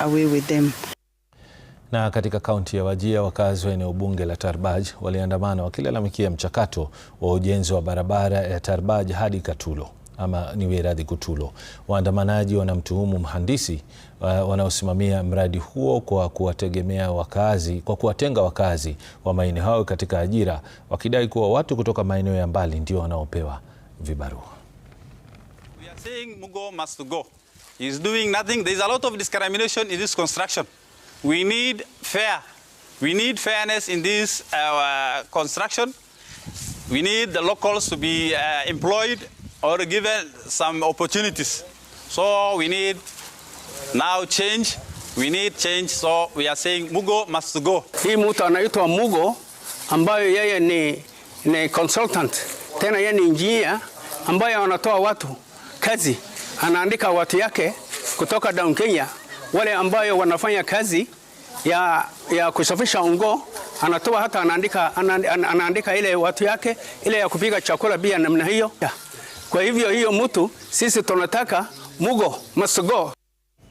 away with them. Na katika kaunti ya Wajir wakazi wa eneo bunge la Tarbaj waliandamana wakilalamikia mchakato wa ujenzi wa barabara ya Tarbaj hadi Katulo ama ni radhi Kutulo. Waandamanaji wanamtuhumu mhandisi uh, wanaosimamia mradi huo kwa kuwategemea wakazi, kwa kuwatenga wakazi wa maeneo hayo katika ajira, wakidai kuwa watu kutoka maeneo ya mbali ndio wanaopewa vibarua. We are saying Mugo must go is doing nothing. There's a lot of discrimination in this construction. We need fair. We need fairness in this uh, construction. We need the locals to be uh, employed or given some opportunities. So we need now change. We need change. So we are saying Mugo must go. Hii mtu anaitwa Mugo ambayo yeye ni, ni consultant tena yeye ni engineer ambayo anatoa watu kazi anaandika watu yake kutoka Down Kenya, wale ambayo wanafanya kazi ya, ya kusafisha ungo, anatoa hata anaandika, anaandika ile watu yake ile ya kupiga chakula bia namna hiyo. Kwa hivyo hiyo mtu sisi tunataka mugo masugo